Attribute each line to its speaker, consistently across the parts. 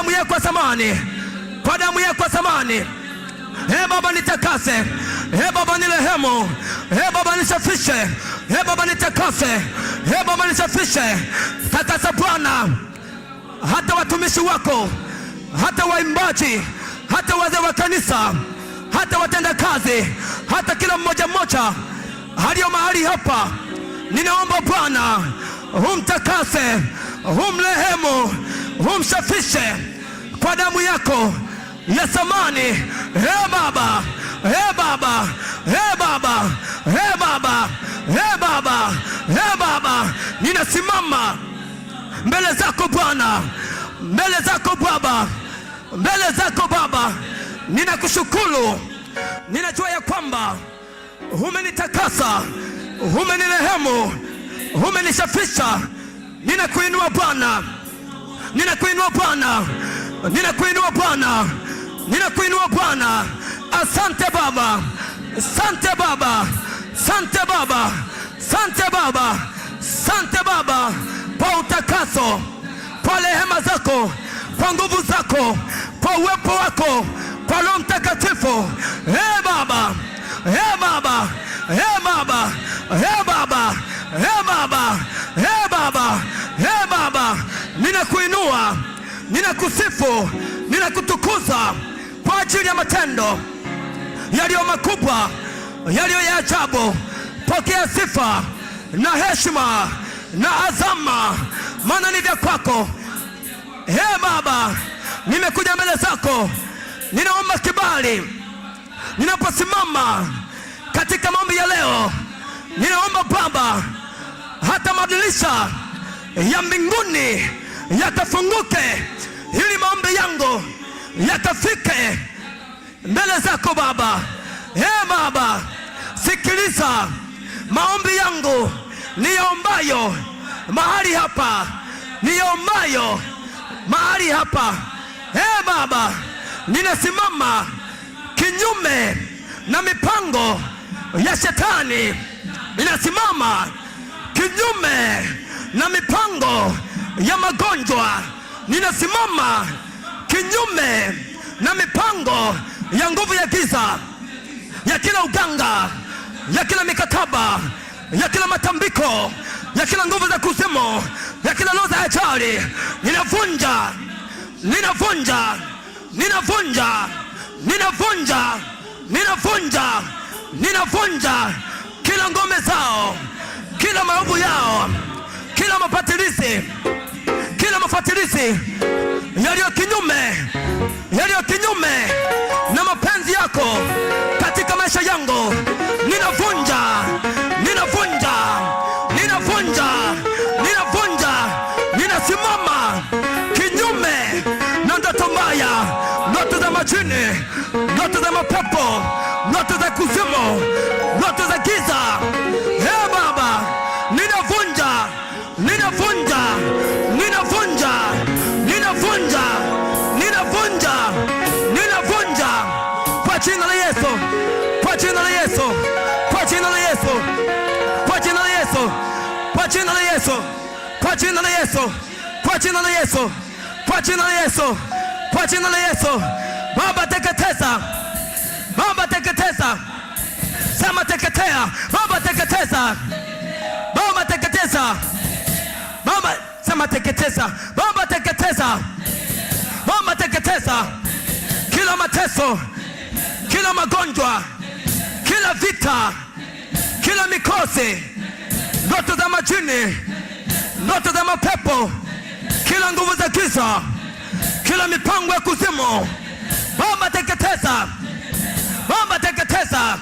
Speaker 1: damu yako samani, kwa damu yako samani. He Baba nitakase, he Baba nilehemu, he Baba nisafishe, he Baba nitakase, he Baba nisafishe. Takasa Bwana, hata watumishi wako, hata waimbaji, hata wazee wa kanisa, hata watenda kazi hata kila mmoja mmoja haliyo mahali hapa, ninaomba Bwana humtakase, humlehemu, humsafishe kwa damu yako ya thamani. e Baba, ee Baba, ee Baba, ee Baba, ee Baba, ee Baba, ninasimama mbele zako Bwana, mbele zako Baba, mbele zako Baba, ninakushukuru. Ninajua ya kwamba umenitakasa, umenirehemu, umenishafisha. Ninakuinua Bwana, ninakuinua Bwana. Ninakuinua Bwana, ninakuinua Bwana. Asante Baba, sante Baba, sante Baba, sante Baba, sante Baba kwa utakaso, kwa rehema zako, kwa nguvu zako, kwa uwepo wako, kwa Roho Mtakatifu. Ee Baba, ee Baba, ee Baba, ee Baba, ee Baba, ee Baba, ee Baba, ninakuinua ninakusifu, ninakutukuza kwa ajili ya matendo yaliyo makubwa, yaliyo ya ajabu. Pokea sifa na heshima na azama, maana ni vya kwako. He Baba, nimekuja mbele zako, ninaomba kibali ninaposimama katika maombi ya leo. Ninaomba Baba, hata madirisha ya mbinguni yatafunguke ili maombi yangu yatafike mbele zako Baba. Ee Baba, sikiliza maombi yangu niyaombayo mahali hapa, niyaombayo mahali hapa. Ee Baba, ninasimama kinyume na mipango ya Shetani, ninasimama kinyume na mipango ya magonjwa, ninasimama kinyume na mipango ya nguvu ya giza, ya kila uganga, ya kila mikataba, ya kila matambiko, ya kila nguvu za kuzimu, ya kila roho za ajali. Ninavunja, ninavunja, ninavunja, ninavunja, ninavunja, ninavunja kila ngome zao, kila maovu yao kila mapatilizi kila mapatilizi yaliyo kinyume yaliyo kinyume na mapenzi yako katika maisha yangu ninavunja ninavunja ninavunja ninavunja ninasimama kinyume na ndoto mbaya ndoto za majini ndoto za mapepo ndoto za kuzimu jina la Yesu, kwa jina la Yesu, kwa jina la Yesu, kwa jina la Yesu, kwa jina la Yesu. Baba teketeza, Baba teketeza, sema teketea. Baba teketeza, Baba teketeza, Baba sema teketeza, Baba teketeza, Baba teketeza, kila mateso, kila magonjwa, kila vita, kila mikosi ndoto za majini, ndoto za mapepo, kila nguvu za giza, kila mipango ya kuzimu, Baba teketeza, Baba teketeza,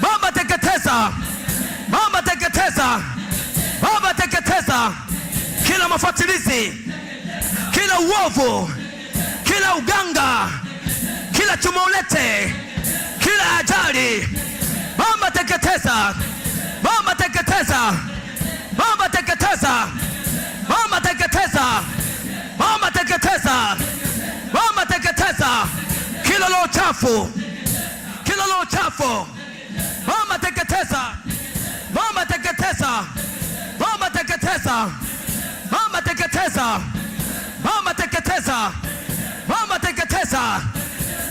Speaker 1: Baba teketeza, Baba teketeza, Baba teketeza, kila mafatilizi, kila uovu, kila uganga, kila chumaulete, kila ajali, Baba teketeza. Mama teketeza, Mama teketeza, Mama teketeza, Mama teketeza, Mama teketeza kila lo chafu, kila lo chafu. Mama teketeza, Mama teketeza, Mama teketeza, Mama teketeza, Mama teketeza, Mama teketeza,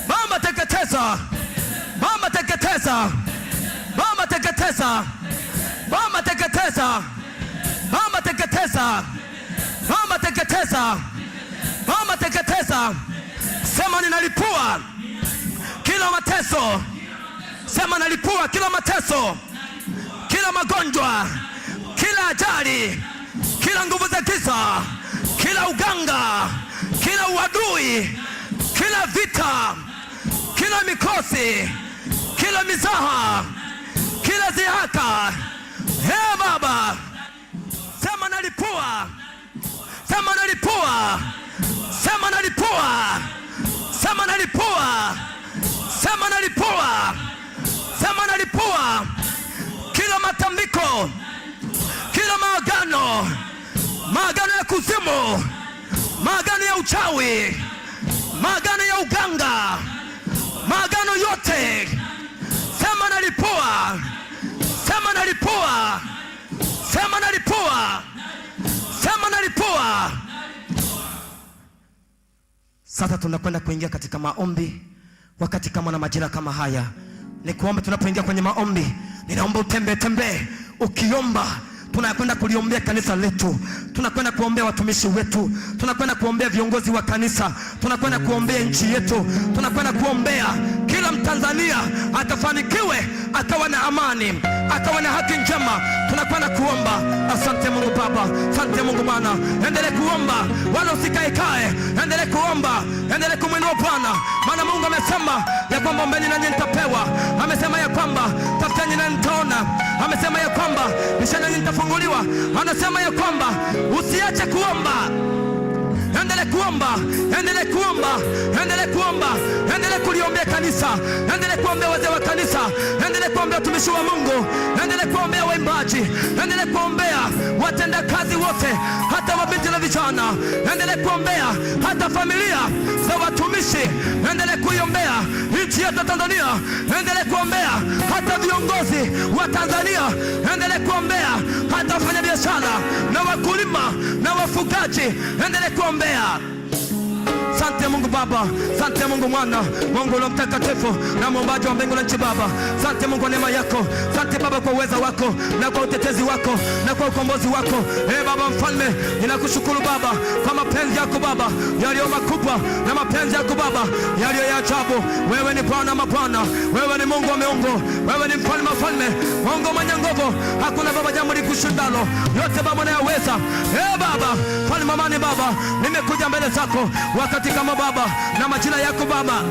Speaker 1: Mama teketeza, Mama teketeza, Mama teketeza. Mama teketeza, ah. mama teketeza, ah. mama teketeza, ah. mama teketeza. Sema ninalipua kila mateso, sema nalipua kila mateso, kila magonjwa, kila ajali, kila nguvu za giza, kila uganga, kila uadui, kila vita, kila mikosi, kila mizaha, kila dhihaka Hey, Baba, sema nalipua, sema nalipua, sema nalipua, sema nalipua, sema nalipua, sema nalipua kila matambiko, kila maagano, maagano ya kuzimu, maagano ya uchawi, maagano ya uganga, maagano yote, sema nalipua Sema nalipua, sema nalipua, sema nalipua. Sasa tunakwenda kuingia katika maombi wakati kama na majira kama haya, ni kuomba. Tunapoingia kwenye maombi, ninaomba utembee tembee ukiomba tunakwenda kuliombea kanisa letu, tunakwenda kuombea watumishi wetu, tunakwenda kuombea viongozi wa kanisa, tunakwenda kuombea nchi yetu, tunakwenda kuombea kila Mtanzania atafanikiwe, atawa na amani akawa na haki njema. Tunakwenda kuomba. Asante Mungu Baba, asante Mungu Bwana. Endelee kuomba, wala usikae kae, endelee kuomba, endelee kumwinua Bwana, maana Mungu amesema ya kwamba ombeni nanyi nitapewa. Amesema ya kwamba tafuteni nanyi nitaona, Amesema ya kwamba bisheni nanyi nitafunguliwa. Anasema ya kwamba usiache kuomba. Endele kuomba, endele kuomba, endele kuomba, endele kuliombea kanisa, endele kuombea wazee wa kanisa, endele kuombea watumishi wa Mungu, endele kuombea waimbaji, endele kuombea watendakazi wote, hata wabinti na vijana, endele kuombea hata familia za watu ushawishi. Endelee kuiombea nchi yetu ya Tanzania, endelee kuombea hata viongozi wa Tanzania, endelee kuombea hata wafanyabiashara na wakulima na wafugaji, endelee kuombea. Sante Mungu Baba, sante Mungu Mwana, Mungu lo mtakatifu na muumbaji wa mbingu na nchi. Baba, sante Mungu kwa neema yako, sante Baba kwa uweza wako na kwa utetezi wako na kwa ukombozi wako. Ee Baba Mfalme, ninakushukuru Baba kwa mapenzi yako Baba yaliyo makubwa na mapenzi yako Baba yaliyo ya ajabu. Wewe ni Bwana mabwana, wewe ni Mungu wa miungu, wewe ni mfalme mfalme, Mungu mwenye nguvu. Hakuna Baba jambo likushindalo, yote Baba unayaweza. e Baba Mfalme amani, Baba nimekuja mbele zako wakati kama Baba na majina yako Baba.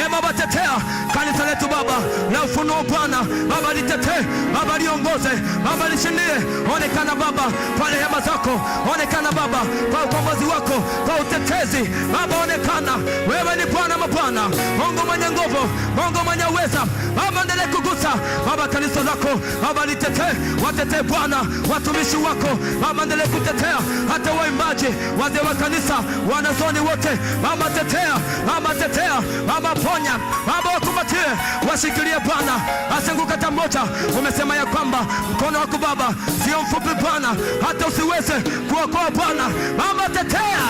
Speaker 1: Ee Baba, tetea kanisa letu Baba na ufunuo Bwana Baba, litetee Baba, liongoze Baba, lishindie. Onekana Baba kwa rehema zako, onekana Baba kwa ukombozi wako, kwa utetezi Baba, onekana wewe ni Bwana mabwana, Mungu mwenye nguvu, Mungu mwenye uweza Baba, endelee kugusa Baba kanisa lako Baba, litetee, watetee Bwana watumishi wako Baba, endelee kutetea hata waimbaji, wazee wa kanisa, wanazoni wote Baba, tetea Baba, tetea Baba kuponya, Baba wakumbatie, washikilie Bwana, asingukata moja. Umesema ya kwamba mkono wako Baba sio mfupi Bwana, hata usiweze kuokoa Bwana. Baba tetea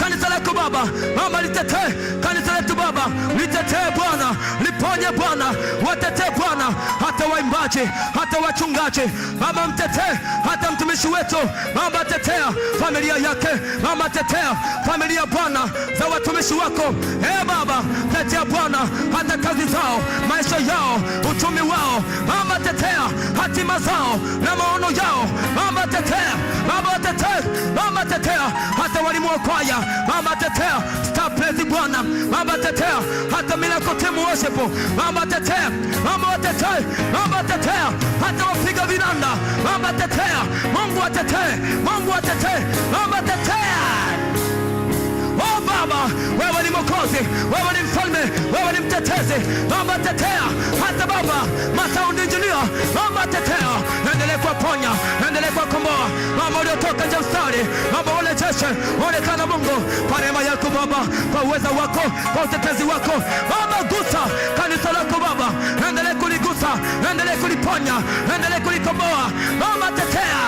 Speaker 1: kanisa lako Baba, Baba litetee kanisa letu Baba, litetee Bwana. Ponye Bwana, watetee Bwana, hata waimbaji, hata wachungaji, baba mtetee, hata mtumishi wetu baba tetea familia yake mama, tetea familia Bwana za watumishi wako, e Baba, tetea Bwana, hata kazi zao, maisha yao, uchumi wao, Baba tetea hatima zao na maono yao, Baba tetea Baba tetea Baba tetea hata walimu wa kwaya, baba tetea staplezi Bwana, baba tetea hata miracle team wasepo Baba tetea, Baba tetea, Baba tetea, hata wapiga vinanda, Baba tetea, Mungu atetee, Mungu atetee, Baba tetea. Oh Baba, wewe ni Mwokozi, wewe ni mfalme, wewe ni mtetezi, Baba tetea, hata Baba masaundi injinia, Baba tetea, endelee kuwaponya uliotoka nje mstari, Baba ule jeshi onekana, Mungu kwa neema yako Baba, kwa uweza wako, kwa utetezi wako Baba, gusa kanisa lako Baba, endelee kuligusa, endelee kuliponya, endelee kulikomboa Baba, tetea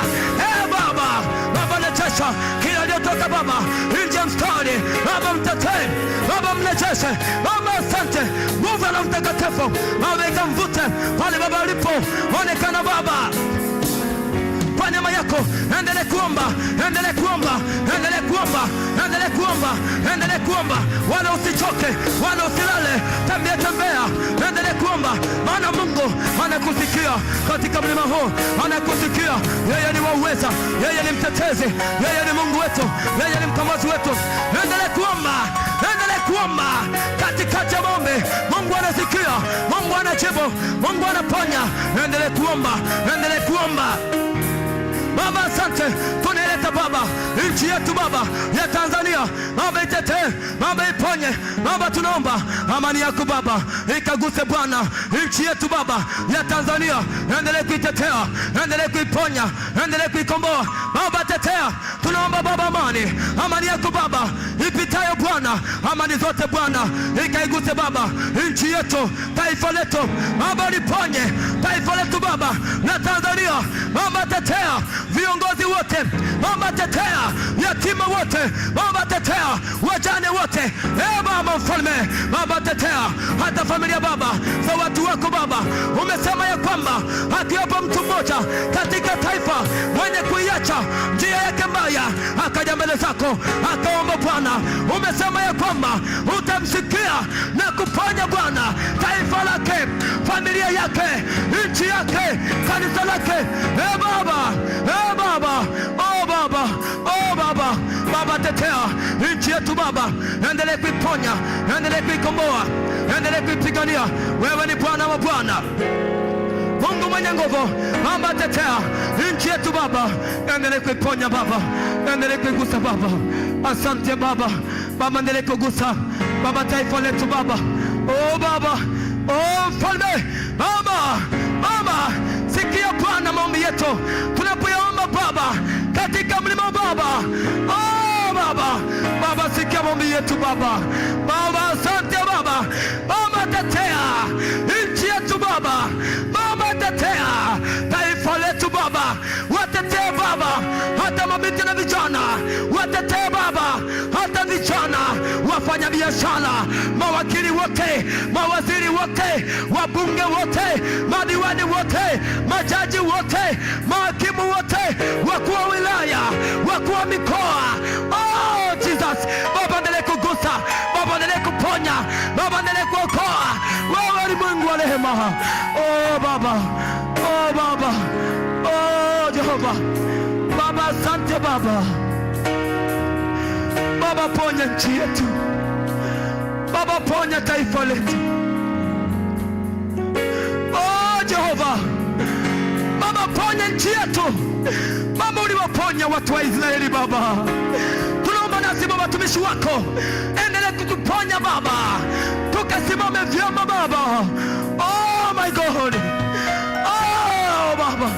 Speaker 1: eh Baba, Baba ule jeshi kila uliotoka Baba nje mstari, Baba mtetee, Baba mrejeshe Baba, asante, nguvu na mtakatifu Baba, ikamvute pale Baba alipo onekana kuomba, endelee kuomba, wala usichoke, wala usilale, tembea tembea, endelee kuomba, maana Mungu anakusikia katika mlima huu, anakusikia. Yeye ni wauweza, yeye ni mtetezi, yeye ni Mungu wetu, yeye ni mkombozi wetu. Endelee kuomba, endelee kuomba katikati ya maombi. Mungu anasikia, Mungu anajibu, Mungu anaponya. Endelee kuomba, endelee kuomba. nchi yetu Baba ya Tanzania, naomba itetee, naomba iponye, naomba tunaomba amani yako Baba ikaguse Bwana nchi yetu Baba ya Tanzania, endelee kuitetea, endelee kuiponya, endelee kuikomboa Baba, tetea, tunaomba Baba amani, amani yako Baba ipitayo Bwana, amani zote Bwana ikaiguse Baba nchi yetu, taifa letu Baba, liponye taifa letu Baba na Tanzania Baba, tetea viongozi wote Baba, tetea yatima wote Baba tetea, wajane wote e Baba mfalme Baba tetea, hata familia Baba za watu wako Baba. Umesema ya kwamba hakiwapo mtu mmoja katika taifa mwenye kuiacha njia yake mbaya akaja mbele zako akaomba Bwana. Umesema ya kwamba utamsikia na kufanya Bwana taifa lake, familia yake, nchi yake, kanisa lake. E Baba, e Baba Baba, oh Baba, Baba tetea nchi yetu Baba, endelee kuiponya, endelee kuikomboa, endelee kuipigania. Wewe ni Bwana wa Bwana, Mungu mwenye nguvu. Baba tetea nchi yetu Baba, endelee kuiponya Baba, endelee kuigusa Baba. Asante Baba, Baba endelee kugusa Baba taifa letu Baba, oh Baba, oh mfalme Baba, Baba sikia Bwana maombi yetu tunapoya Baba, katika mlima Baba. Oh, Baba, Baba, sikia maombi yetu Baba. Baba, asante Baba. Baba, tetea nchi yetu Baba. Baba, tetea taifa letu Baba, watetee Baba hata mabinti na vijana biashara, mawakili wote, mawaziri wote, wabunge wote, madiwani wote, majaji wote, mahakimu wote, wakuu wa wilaya, wakuu wa mikoa. Oh, Jesus Baba, endelee kugusa Baba, endelee kuponya Baba, endelee kuokoa. Wewe ni Mungu wa rehema. Oh Baba, oh Baba, oh Jehova Baba, asante Baba. Baba, ponya nchi yetu. Baba, ponya taifa letu. Oh Jehova Baba, ponya nchi yetu Baba, uliwaponya watu wa Israeli Baba, tunaomba nasi Baba, watumishi wako endelea kutuponya Baba, tukasimame vyema Baba. Oh my God, oh Baba,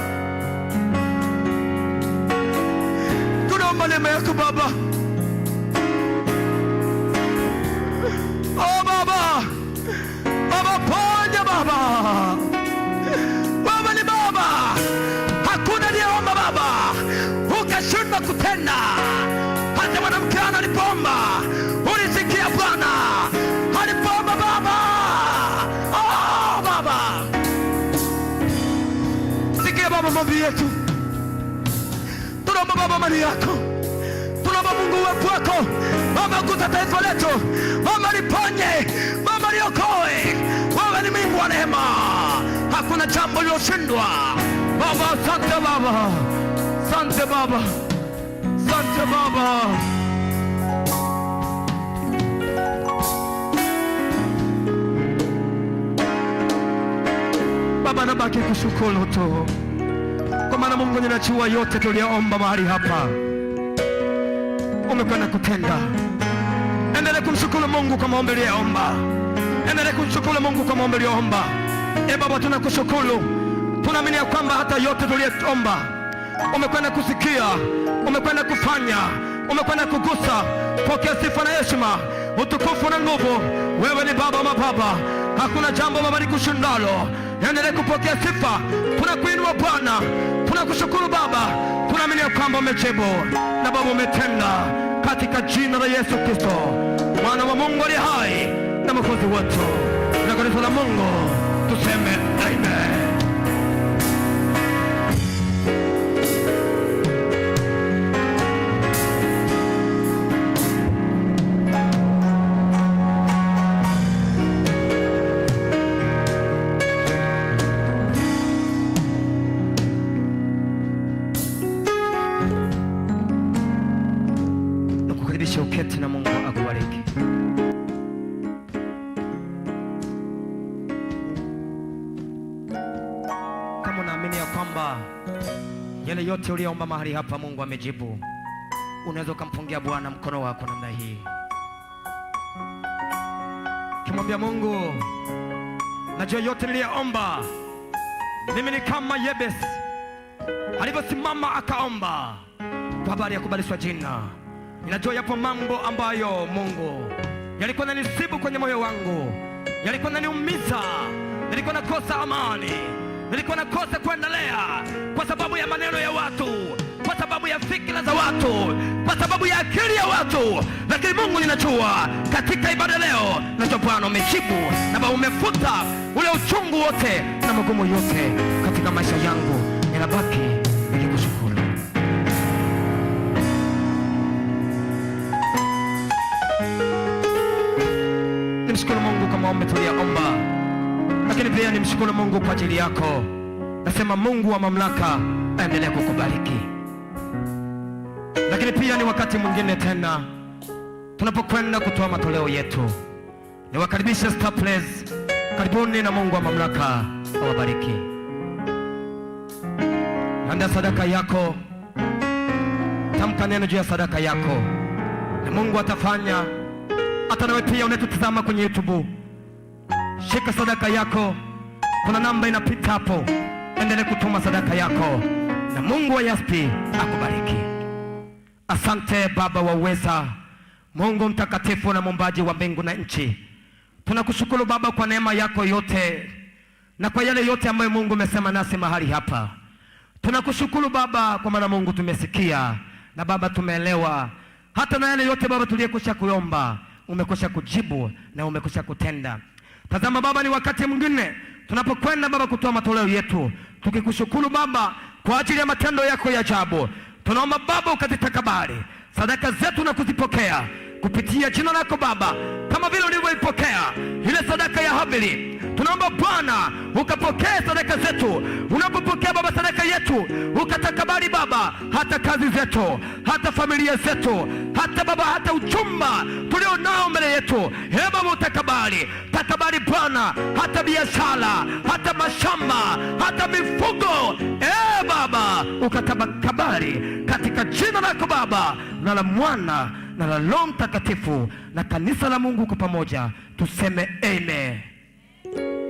Speaker 1: tunaomba neema yako Baba. Oh Baba, Baba ponya Baba, Baba ni Baba, hakuna aliyeomba Baba ukashindwa kutenda. Hata mwanamke ana alipoomba ulisikia Bwana alipoomba Baba. Oh Baba, sikia Baba mambi yetu, tunaomba Baba mali yako Mungu uwepo wako Baba, gusa taifa letu Baba, liponye Baba, liokoe. Baba, ni Mungu wa rehema, hakuna jambo lililoshindwa Baba. Asante Baba, asante Baba, asante Baba. Baba, nabaki kushukuru tu kwa maana Mungu ninachua yote tuliyoomba mahali hapa umekwenda kutenda. Endele kumshukuru Mungu kwa maombi uliyoomba, endele kumshukuru Mungu kwa maombi uliyoomba. E Baba, tunakushukuru, tunaamini ya kwamba hata yote tuliyoomba umekwenda kusikia, umekwenda kufanya, umekwenda kugusa. Pokea sifa na heshima, utukufu na nguvu. Wewe ni Baba wa mababa, hakuna jambo Baba likushindalo naendelee kupokea sifa. Tunakuinua Bwana, kushukuru Baba, tunaamini ya kwamba umejibu na Baba umetenda, katika jina la Yesu Kristo mwana wa Mungu aliye hai na mwokozi wetu, na kanisa la Mungu tuseme amen. Hakikisha uketi na Mungu akubariki. Kama unaamini ya kwamba yale yote uliyoomba mahali hapa Mungu amejibu, unaweza ukampungia Bwana mkono wako namna hii, kimwambia Mungu, najua yote niliyoomba mimi ni kama Yebesi alivyosimama akaomba kwa habari ya kubalishwa jina Ninajua yapo mambo ambayo Mungu yalikuwa nanisibu kwenye moyo wangu, yalikuwa naniumiza, nilikuwa nakosa amani, nilikuwa nakosa kuendelea kwa sababu ya maneno ya watu, kwa sababu ya fikira za watu, kwa sababu ya akili ya watu. Lakini Mungu, ninajua katika ibada leo, nacho Bwana umejibu na umefuta ule uchungu wote na magumu yote katika maisha yangu, ninabaki maombi tuliyaomba, lakini pia nimshukuru Mungu kwa ajili yako. Nasema Mungu wa mamlaka aendelee kukubariki. Lakini pia ni wakati mwingine tena tunapokwenda kutoa matoleo yetu, niwakaribisha Star Praise. Karibuni na Mungu wa mamlaka awabariki. Anda sadaka yako, tamka neno juu ya sadaka yako na Mungu atafanya. Hata nawe pia unatutazama kwenye YouTube Shika sadaka yako, kuna namba inapita hapo, endelee kutuma sadaka yako, na Mungu wa Yaspi akubariki. Asante Baba wa uweza, Mungu mtakatifu na mumbaji wa mbingu na nchi, tunakushukuru Baba kwa neema yako yote na kwa yale yote ambayo Mungu umesema nasi mahali hapa. Tunakushukuru Baba kwa maana Mungu tumesikia na Baba tumeelewa, hata na yale yote Baba tuliyekwisha kuomba umekwisha kujibu na umekwisha kutenda. Tazama Baba, ni wakati mwingine tunapokwenda Baba kutoa matoleo yetu, tukikushukuru Baba kwa ajili ya matendo yako ya ajabu. Tunaomba Baba ukazitakabali sadaka zetu na kuzipokea kupitia jina lako Baba, kama vile ulivyoipokea ile sadaka ya Habili. Tunaomba Bwana ukapokee sadaka zetu, unapopokea Baba sadaka yetu, ukatakabali Baba hata kazi zetu, hata familia zetu, hata Baba hata uchumba tulio nao mbele yetu. Ee Baba utakabali, takabali Bwana hata biashara, hata mashamba, hata mifugo. Ee Baba ukatakabali katika jina lako Baba na la Mwana na la Roho Mtakatifu na kanisa la Mungu kwa pamoja tuseme amen.